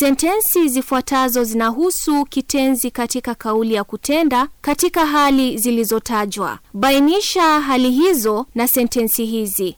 Sentensi zifuatazo zinahusu kitenzi katika kauli ya kutenda katika hali zilizotajwa. Bainisha hali hizo na sentensi hizi.